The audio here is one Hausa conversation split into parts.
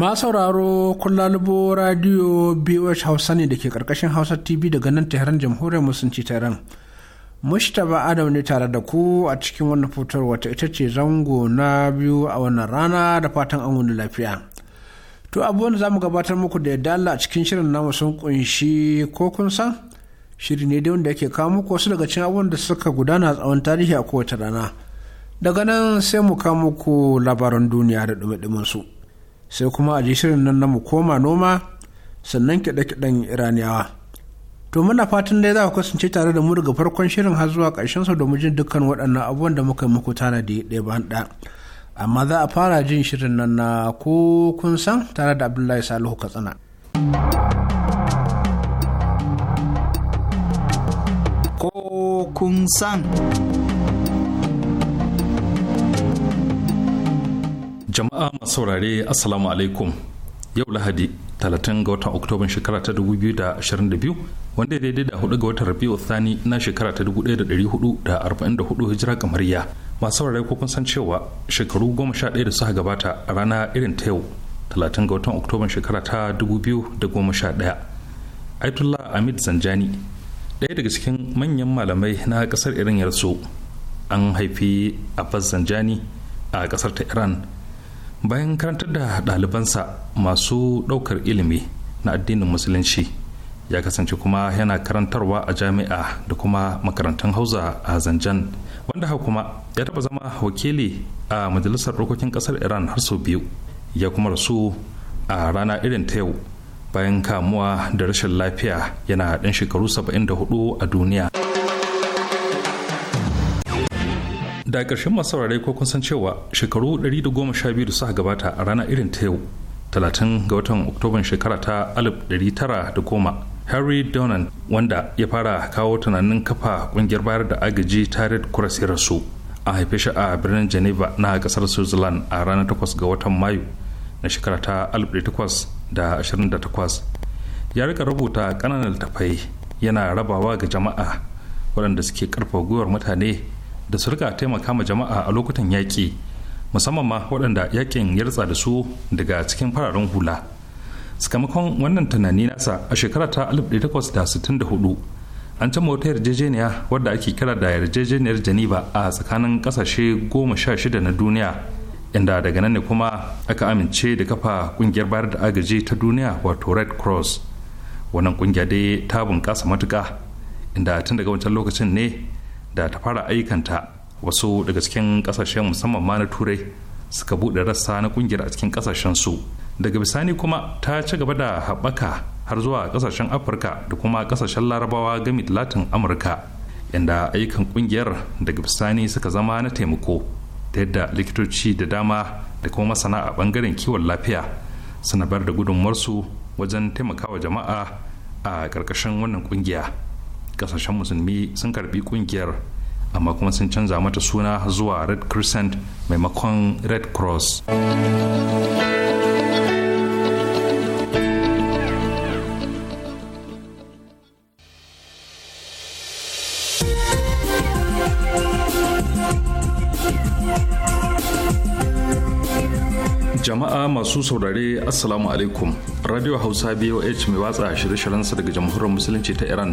Ma sauraro kullalubo radio BOH Hausa ne da ke karkashin Hausa TV daga nan Tehran Jamhuriyar Musulunci Tehran. ba Adam ne tare da ku a cikin wannan fitar wata ita ce zango na biyu a wannan rana da fatan an wani lafiya. To abubuwan wanda za mu gabatar muku da yadda Allah a cikin shirin namu sun kunshi ko kun san shiri ne da wanda yake kawo muku wasu daga cikin abubuwan da suka gudana a tsawon tarihi a kowace rana. Daga nan sai mu kawo muku labaran duniya da dumi su. sai kuma a ji shirin nan na mu koma noma sannan kiɗe-kiɗen iraniyawa to muna fatan dai za ku kasance tare da mu daga farkon shirin har zuwa ƙarshen sa domin jin dukkan waɗannan abubuwan da muka muku tanadi ɗaya bayan ɗaya amma za a fara jin shirin nan na ko kun san tare da abdullahi salihu katsina ko kun san jama'a masu saurare assalamu alaikum yau lahadi 30 ga watan oktoban shekara ta 2022 wanda ya daidai da 4 ga watan rabiu thani na shekara ta 1444 hijira kamariya masu saurare ko kun san cewa shekaru 11 da suka gabata a rana irin ta yau 30 ga watan oktoban shekara ta 2011 aitullah amit zanjani ɗaya daga cikin manyan malamai na kasar irin yarsu an haifi abbas zanjani a kasar ta iran bayan karantar da ɗalibansa masu ɗaukar ilimi na addinin musulunci ya kasance kuma yana karantarwa a jami'a da kuma makarantun hausa a zanjan wanda haka kuma ya taɓa zama wakili a majalisar dokokin ƙasar iran har sau biyu ya kuma rasu a rana irin ta yau bayan kamuwa da rashin lafiya yana ɗan shekaru 74 a duniya. da ƙarshen masu saurare ko kun san cewa shekaru 112 da suka gabata a ranar irin ta yau 30 ga watan oktoban shekara ta 1910 harry donan wanda ya fara kawo tunanin kafa kungiyar bayar da agaji ta red cross ya rasu a haife shi a birnin geneva na kasar switzerland a ranar 8 ga watan mayu na shekara ta 1828 ya rika rubuta kananan tafai yana rabawa ga jama'a waɗanda suke karfa gwiwar mutane da su rika taimaka ma jama'a a lokutan yaƙi musamman ma waɗanda yaƙin ya ritsa da su daga cikin fararen hula sakamakon wannan tunani nasa a shekara ta 1864 an cimma wata yarjejeniya wadda ake kira da yarjejeniyar janiba a tsakanin ƙasashe goma sha shida na duniya inda daga nan ne kuma aka amince da kafa ƙungiyar bayar da agaji ta duniya wato red cross wannan ƙungiya dai ta bunƙasa matuƙa inda tun daga wancan lokacin ne da ta fara aikanta wasu daga cikin kasashen musamman ma na turai suka buɗe rassa na kungiyar a cikin kasashen su daga bisani kuma ta ci gaba da haɓaka har zuwa kasashen afirka da kuma kasashen larabawa gami da latin amurka inda ayyukan kungiyar daga bisani suka zama na taimako ta yadda likitoci da dama da kuma masana a bangaren kiwon lafiya suna bayar da gudunmuwarsu wajen taimakawa jama'a a ƙarƙashin wannan kungiya. kasashen musulmi sun karbi kungiyar amma kuma sun canza mata suna zuwa red crescent maimakon red cross jama'a masu saurare assalamu alaikum radio hausa boh mai watsa shirye-shiryensa daga jamhuriyar musulunci ta iran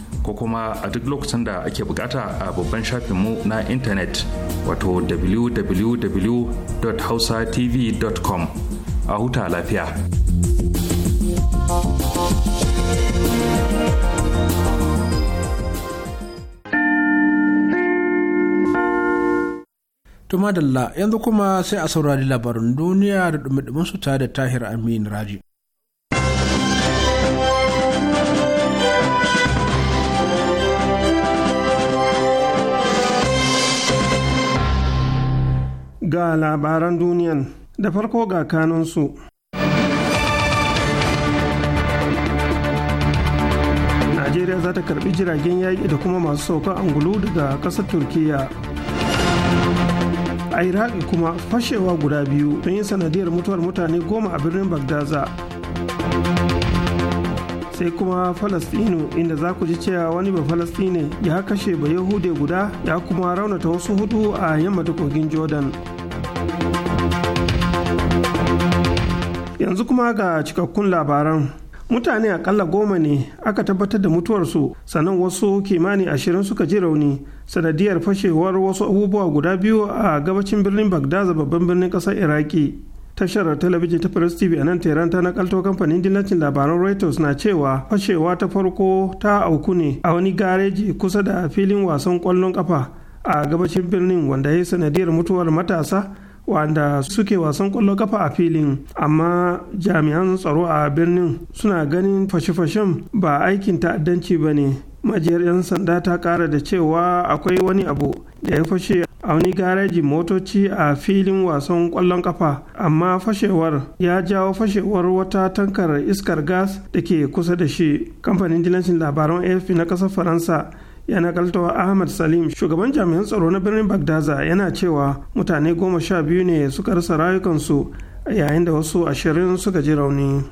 ko kuma a duk lokacin da ake bukata a babban shafinmu na intanet wato www.hausatv.com a huta lafiya. Tumadalla yanzu kuma sai a saurari labarin duniya da dumi su tare da Tahir Amin Raji. ga labaran duniyan da farko ga kanunsu. Najeriya za ta karbi jiragen yaƙi da kuma masu saukan angulu daga ƙasar Turkiyya. A Iraki kuma fashewa guda biyu don yin sanadiyar mutuwar mutane goma a birnin Bagdaza. sai kuma falastinu inda za ku ji cewa wani ba falastine ya kashe ba yahude guda ya kuma raunata wasu hudu a yamma da kogin jordan yanzu kuma ga cikakkun labaran mutane akalla goma ne aka tabbatar da mutuwarsu sannan wasu kimani ashirin suka ji rauni sanadiyar fashewar wasu abubuwa guda biyu a gabacin birnin bagdaza babban birnin ƙasar iraki tashar talabijin ta press tv a nan tehran ta nakalto kamfanin dillacin labaran reuters na cewa fashewa ta farko ta auku ne a wani gareji kusa da filin wasan kwallon kafa a gabacin birnin wanda ya yi sanadiyar mutuwar matasa wanda suke wasan ƙwallon kafa a filin amma jami'an tsaro a birnin suna ganin fashe-fashen ba aikin ta'addanci ba ne majiyar 'yan sanda ta kara da cewa akwai wani abu da ya fashe a wani garaji motoci a filin wasan kwallon kafa amma fashewar ya jawo fashewar wata tankar iskar gas da ke kusa da shi kamfanin jilancin labaran afp na ƙasar faransa yana kaltawa ahmad salim shugaban jami'an tsaro na birnin bagdaza yana cewa mutane goma sha biyu ne suka rasa rayukansu yayin da wasu ashirin suka ji rauni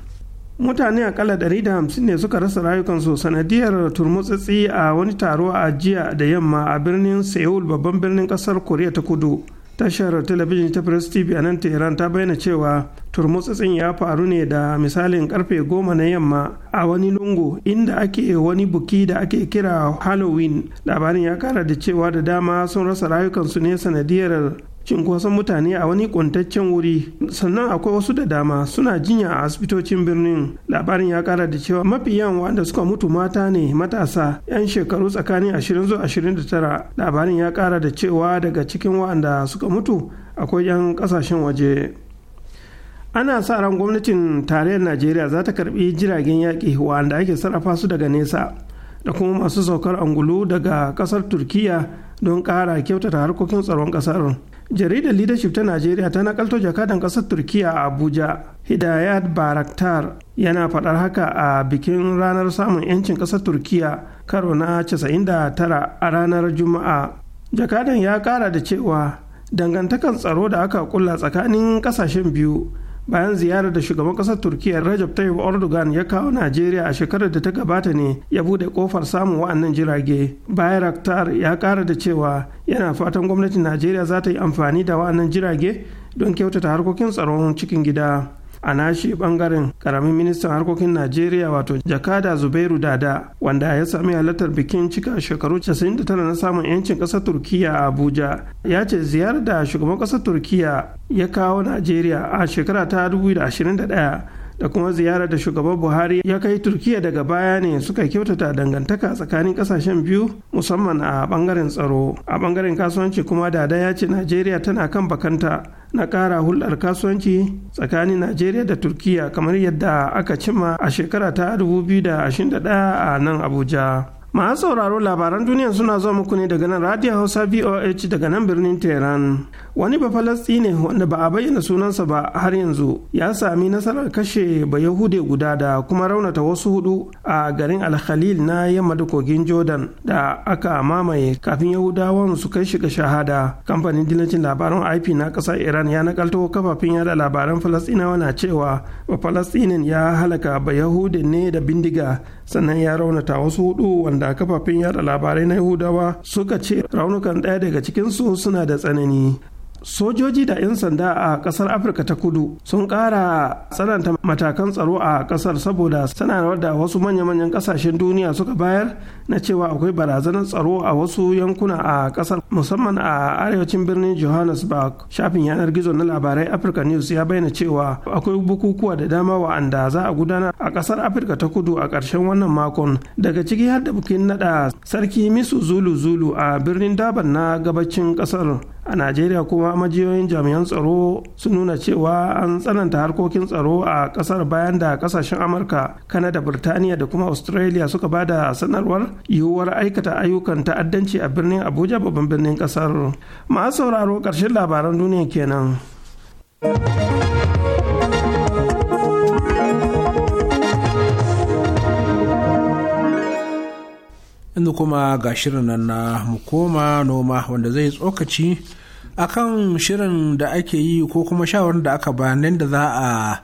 mutane akalla 150 ne suka rasa rayukansu sanadiyar turmutsitsi a wani taro a jiya da yamma a birnin seoul babban birnin kasar koriya ta kudu tashar talabijin ta press tv a nan tehran ta bayyana cewa turmutsatsin ya faru ne da misalin karfe goma na yamma a wani lungu inda ake wani buki da ake kira halloween labarin ya kara da cewa da dama sun rasa rayukansu ne sanadiyar cinkoson mutane a wani kuntaccen wuri sannan akwai wasu da dama suna jinya a asibitocin birnin labarin ya kara da cewa mafi yawan wanda suka mutu mata ne matasa 'yan shekaru tsakanin 20 zuwa 29 labarin ya kara da cewa daga cikin wanda suka mutu akwai 'yan kasashen waje ana sa ran gwamnatin tarayyar najeriya za ta karbi jiragen yaƙi wanda ake sarrafa su daga nesa da kuma masu saukar angulu daga kasar turkiya don ƙara kyautata harkokin tsaron ƙasar jaridar leadership ta najeriya ta nakalto jakadan kasar turkiya a abuja hidayat baraktar yana faɗar haka a bikin ranar samun 'yancin kasar turkiya karo na 99 a ranar juma'a jakadan ya ƙara da cewa dangantakan tsaro da aka kulla tsakanin ƙasashen biyu bayan ziyarar da shugaban kasar turkiya rajab tayyip erdogan ya kawo najeriya a shekarar da ta gabata ne ya bude kofar samun wa'annan jirage bayraktar ya kara da cewa yana fatan gwamnatin najeriya za ta yi amfani da wa'annan jirage don kyautata harkokin tsaron cikin gida a nashi bangaren karamin ministan harkokin najeriya wato jakada zubairu dada wanda ya sami halartar bikin cika shekaru 99 na samun yancin kasar turkiya a abuja ya ce ziyarar da shugaban kasar turkiya ya kawo najeriya a shekara ta 2021 da kuma ziyarar da shugaban buhari ya kai turkiya daga baya ne suka kyautata dangantaka tsakanin kasashen biyu musamman a bangaren tsaro a bangaren kasuwanci kuma dada ya ce najeriya tana kan bakanta na kara hulɗar kasuwanci tsakanin najeriya da turkiya kamar yadda aka cima a shekara ta 2021 a nan abuja masu sauraro labaran duniya suna zuwa muku ne daga nan radio hausa voh daga nan birnin tehran wani bafalastine wanda ba a bayyana sunansa ba har yanzu ya sami nasarar kashe bayahude guda da kuma raunata wasu hudu a garin alkhalil na yamma da kogin jordan da aka mamaye kafin yahudawan su kai shiga shahada kamfanin dillacin labaran ip na kasar iran ya nakalto kafafin yada labaran falastinawa na cewa falastinin ya halaka bayahude ne da bindiga sannan ya raunata wasu hudu wanda kafafin yada labarai na yahudawa suka ce raunukan ɗaya daga cikinsu suna da tsanani sojoji da 'yan sanda a kasar afirka ta kudu sun kara tsananta matakan tsaro a kasar saboda sanarwar da wasu manya-manyan kasashen duniya suka bayar na cewa akwai barazanar tsaro a wasu yankuna a kasar musamman a arewacin birnin johannesburg shafin yanar gizo na labarai africa news ya bayyana cewa akwai bukukuwa da dama wa'anda za a gudanar a kasar afirka ta kudu a ƙarshen wannan makon daga ciki har da bukin nada sarki misu zulu zulu a birnin daban na gabacin kasar a najeriya kuma majiyoyin jami'an tsaro sun nuna cewa an tsananta harkokin tsaro a kasar bayan da kasashen amurka kanada birtaniya da kuma australia suka ba da sanarwar yiwuwar aikata ayyukan ta'addanci a birnin abuja babban birnin kasar masu sauraro ƙarshen labaran duniya kenan. inda kuma ga shirin nan na mukoma noma wanda zai tsokaci akan shirin da ake yi ko kuma shawarar da aka nan da za a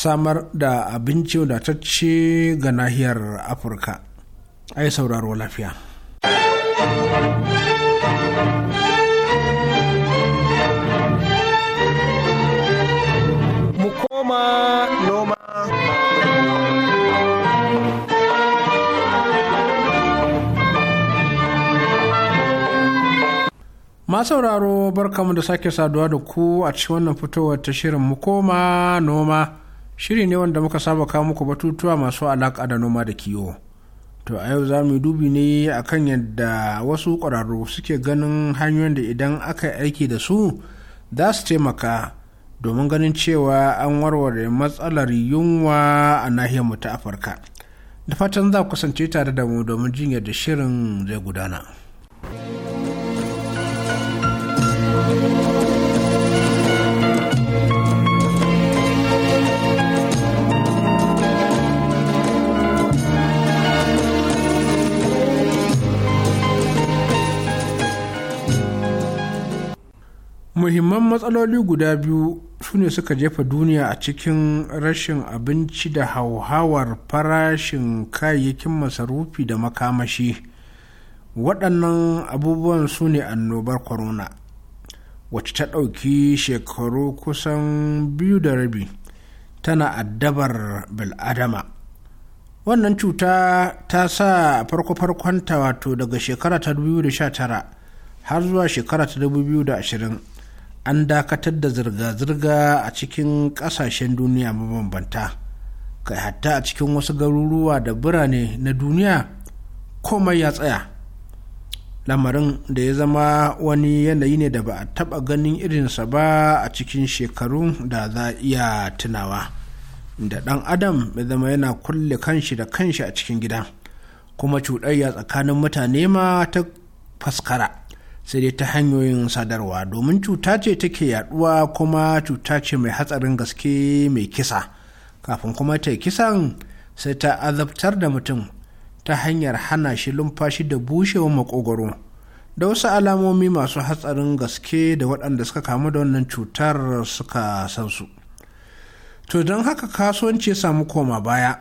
samar da abinci wadatacce ga nahiyar afirka ai sauraro lafiya mukoma sauraro barkamu da sake saduwa da ku a cikin wannan fitowar ta shirin mu koma noma shiri ne wanda muka saba kawo muku batutuwa masu alaƙa da noma da kiwo to a yau za mu dubi ne a kan yadda wasu ƙwararru suke ganin hanyoyin da idan aka aiki da su za su taimaka domin ganin cewa an warware matsalar yunwa a nahiyar mu ta afirka da fatan za ku kasance tare da mu domin jinyar da shirin zai gudana. muhimman matsaloli guda biyu su ne suka jefa duniya a cikin rashin abinci da hauhawar farashin kayayyakin masarufi da makamashi waɗannan abubuwan su ne annobar corona wacce ta ɗauki shekaru kusan biyu da rabi tana addabar bil'adama wannan cuta ta sa farko-farkonta wato daga shekara ta 2019 har zuwa shekara ta 2020 an dakatar da zirga-zirga a cikin ƙasashen duniya mabambanta kai hatta a cikin wasu garuruwa da birane na duniya komai ya tsaya lamarin da ya zama wani yanayi ne da ba a taɓa ganin irinsa ba a cikin shekarun da za iya tunawa da ɗan adam ya zama yana kulle kanshi da kanshi a cikin gida kuma cuɗayya tsakanin mutane ma ta faskara sai dai ta hanyoyin sadarwa domin cuta ce take yaduwa kuma cuta ce mai hatsarin gaske mai kisa kafin kuma ta kisan sai ta azabtar da mutum ta hanyar hana shi lumfashi da bushewar makogoro da wasu alamomi masu hatsarin gaske da waɗanda suka kamu da wannan cutar suka san su to don haka kasuwanci ya samu koma baya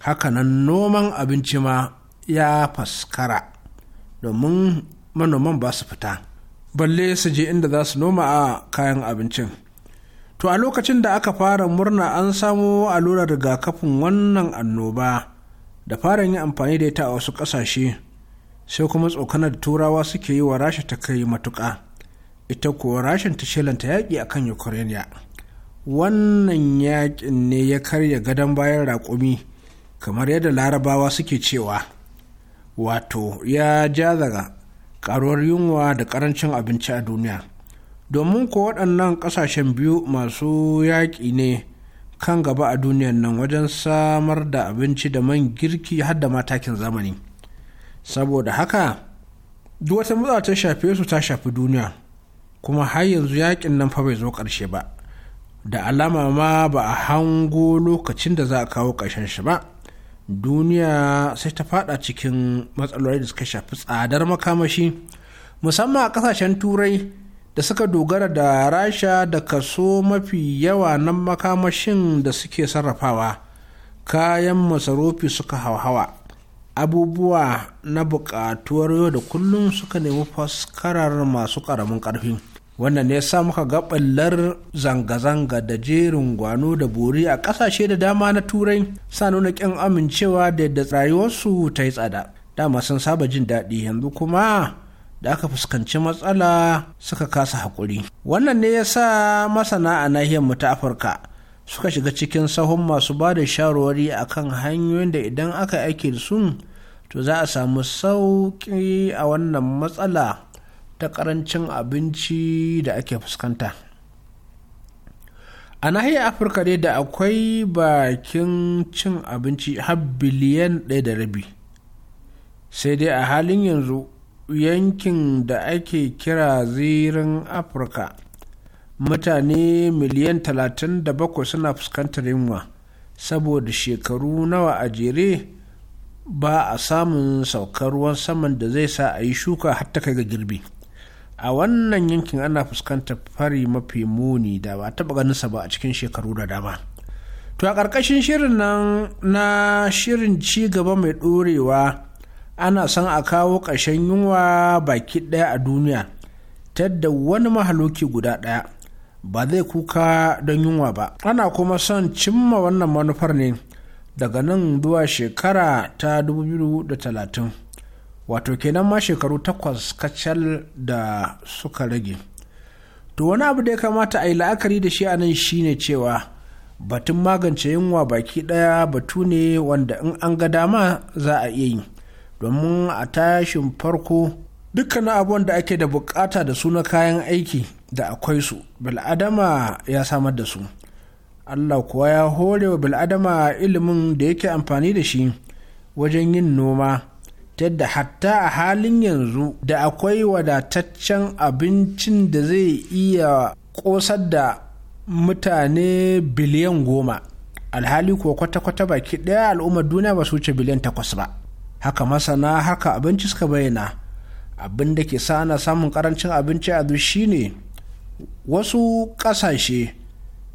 hakanan noman abinci ma ya faskara domin manoman ba su fita balle su je inda za su noma a kayan abincin to a lokacin da aka fara murna an samo allurar rigakafin wannan annoba da fara yin amfani da ita a wasu ƙasashe sai kuma tsokanar turawa suke yi wa rasha ta kai matuka ita kuwa rashin ta ta yaƙi a kan ukraine wannan yaƙin ne ya karya gadon bayan raƙumi kamar yadda larabawa suke cewa wato ya jazaga karuwar yunwa da karancin abinci a duniya domin ko waɗannan ƙasashen biyu masu yaƙi ne kan gaba a duniyan nan wajen samar da abinci da man girki har da matakin zamani saboda haka duk wata matsala ta shafe su ta shafi duniya kuma har yanzu yaƙin nan fa bai zo ƙarshe ba da alama ma ba a hango lokacin da za a kawo ƙarshen shi ba duniya sai ta fada cikin matsaloli da suka shafi tsadar makamashi musamman a kasashen turai da suka dogara da rasha da kaso mafi yawa na makamashin da suke sarrafawa kayan masarufi suka hauhawa abubuwa na buƙatuwar yau da kullum suka nemi faskarar masu ƙaramin ƙarfi wannan ne sa muka ga ɓallar zanga-zanga da jerin gwano da bori a ƙasashe da dama na turai sa nuna ƙin amincewa da yadda rayuwarsu ta yi tsada dama sun saba jin daɗi yanzu kuma da aka fuskanci matsala suka kasa haƙuri wannan ne ya sa masana a nahiyar mu ta afirka suka shiga cikin sahun masu ba da shawarwari a kan hanyoyin da idan aka aiki da su to za a samu sauƙi a wannan matsala ta karancin abinci da ake fuskanta a nahiyar afirka dai da akwai bakin cin abinci har biliyan ɗaya da rabi sai dai a halin yanzu yankin da ake kira zirin afirka mutane miliyan 37 suna fuskantar yunwa saboda shekaru nawa a jere ba a samun saukar ruwan saman da zai sa a yi shuka har ta kai ga girbi a wannan yankin ana fuskantar fari mafi muni da ba taɓa sa ba a cikin shekaru da dama to a ƙarƙashin shirin nan na shirin ci gaba mai ɗorewa ana son a kawo ƙarshen yunwa baki ɗaya a duniya ta da wani mahaloki guda ɗaya ba zai kuka don yunwa ba ana kuma son cimma wannan manufar ne daga nan zuwa shekara ta 2030 wato kenan ma shekaru takwas kacal da suka rage to wani abu da ya kamata a yi la'akari da shi a nan shine cewa batun magance yunwa baki daya batu ne wanda in an ga dama za a iya yi domin a tashin farko dukkanin abubuwan da ake da bukata da suna kayan aiki da akwai su bil'adama ya samar da su allah kuwa ya hore wa bil'adama ilimin da yake amfani da shi wajen yin noma yadda hatta a halin yanzu da akwai wadataccen abincin da zai iya kosar da mutane biliyan goma alhali kuwa kwata-kwata baki ɗaya al'ummar duniya ba su wuce biliyan takwas ba haka masana haka abinci suka bayyana abin da ke sana samun karancin abinci a ne wasu ƙasashe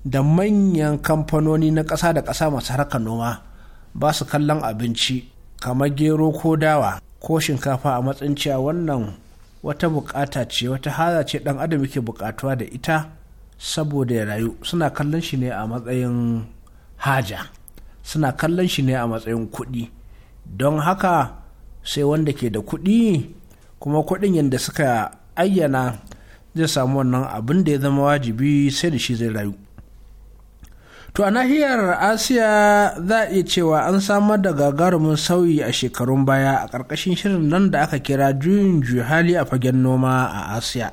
da manyan kamfanoni na ƙasa da ƙasa masu harkar noma ba su kallon abinci kamar gero ko dawa ko shinkafa a matsayin cewa wannan wata bukata ce wata haza ce dan adam yake bukatuwa da ita saboda ya rayu suna kallon shi ne a matsayin haja suna kallon shi ne a matsayin kuɗi don haka sai wanda ke da kuɗi kuma kuɗin yadda suka ayyana zai samu wannan abin da ya zama wajibi sai da shi zai rayu To a nahiyar Asiya za a iya cewa an samar da gagarumin sauyi a shekarun baya a ƙarƙashin shirin nan da aka kira juyin hali a fagen noma a Asiya.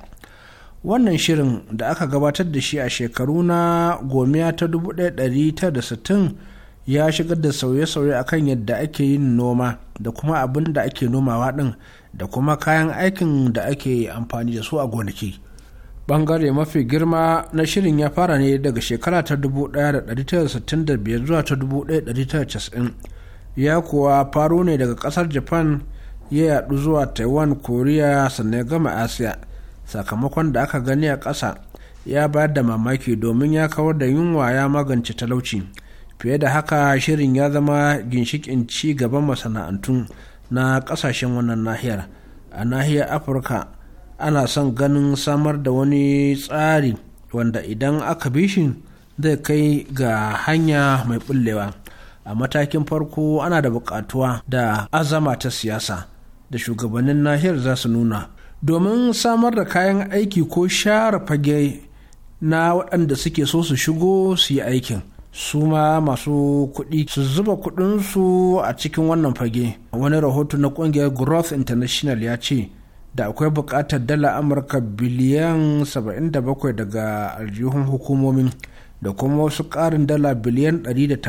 Wannan shirin da aka gabatar da shi a shekaru na gomiya ta 1960 ya shigar da sauye-sauye a kan yadda ake yin noma da kuma abin da ake nomawa ɗin da kuma kayan aikin da ake amfani da su a gonaki. bangare mafi girma na shirin ya fara ne daga shekara ta 1965 zuwa ta 1990 ya kuwa faro ne daga kasar japan ya yadu zuwa taiwan korea sannan ya gama asiya sakamakon da aka gani a ƙasa ya bayar da mamaki domin ya kawar da yunwa ya magance talauci fiye da haka shirin ya zama ginshikin ci gaban masana'antu na ƙasashen wannan nahiyar a nahiyar afirka ana son ganin samar da wani tsari wanda idan aka bi shi zai kai ga hanya mai bullewa a matakin farko ana da bukatuwa da azama ta siyasa da shugabannin nahiyar za su nuna domin samar da kayan aiki ko share fage na waɗanda suke so su shigo su yi aikin su ma masu kuɗi su zuba kuɗinsu a cikin wannan fage wani rahoto na ƙungiyar growth international ya ce da akwai bukatar dala amurka biliyan 77 daga aljihun hukumomin da kuma wasu ƙarin dala biliyan 180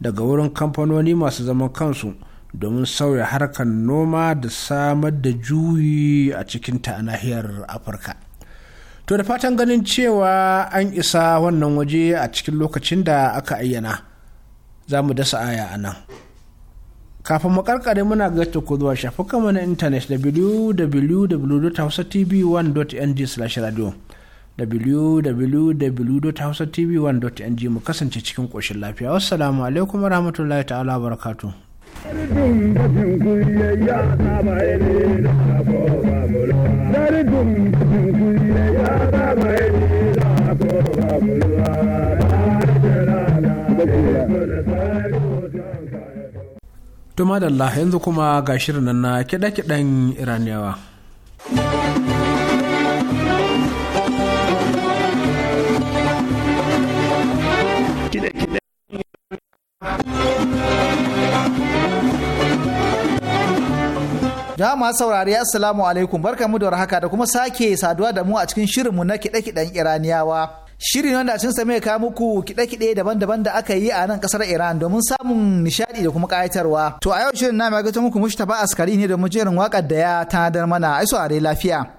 daga wurin kamfanoni masu zaman kansu domin sauya harkar noma da samar da juyi a cikinta a nahiyar afirka to da fatan ganin cewa an isa wannan waje a cikin lokacin da aka ayyana za mu dasa aya a nan kafin mu karkare muna ga ku zuwa shafukanmu na intanet www.hausatv1.ng/radio www.hausatv1.ng mu kasance cikin ƙoshin lafiya wassalamu alaikum rahmatullahi ta'ala barakatu Dari dum To madalla yanzu kuma ga shirin nan na kiɗa-kiɗan Iraniyawa. Jama'a saurari Assalamu alaikum barkamu da warhaka da kuma sake saduwa da mu a cikin shirinmu na kiɗe-kiɗen Iraniyawa. shirin wanda cin sa mai muku kide-kide daban-daban da aka yi a nan kasar Iran domin samun nishadi da kuma kayatarwa. To a yau shirin na mai ta muku Mustapha Askari ne domin jerin wakar da ya tanadar mana aiso a lafiya.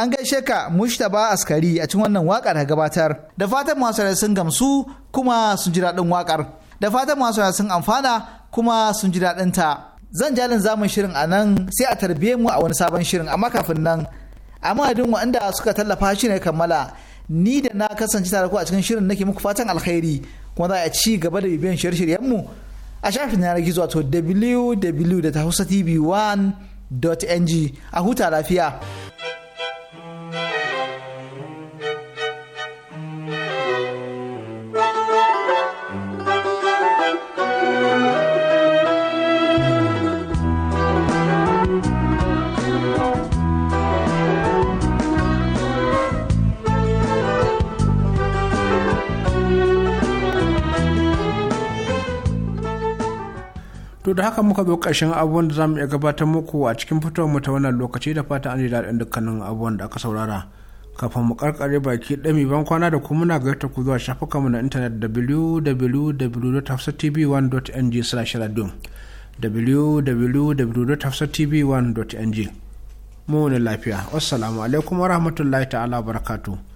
an gaishe ka mushtaba askari a cikin wannan wakar da gabatar da fatan masu sun gamsu kuma sun ji daɗin wakar da fatan masu sun amfana kuma sun ji daɗin ta zan jalin zamun shirin a nan sai a tarbiye mu a wani sabon shirin amma kafin nan a madadin waɗanda suka tallafa shi ne kammala ni da na kasance tare ku a cikin shirin nake muku fatan alkhairi kuma za a ci gaba da bibiyan shirye-shiryen mu a shafin yanar gizo wato www.hausatv1.ng a huta lafiya. to da haka muka zo ƙarshen abubuwan da za iya gabatar muku a cikin fitowarmu ta wannan lokaci da fata an ji daɗin dukkanin abubuwan da aka saurara kafin mu karkare baki ɗami ban kwana da kuma muna gaita ku zuwa shafukanmu na intanet www.hafsatv1.ng slash radio www.hafsatv1.ng mu ne lafiya wassalamu alaikum warahmatullahi ta'ala barakatuh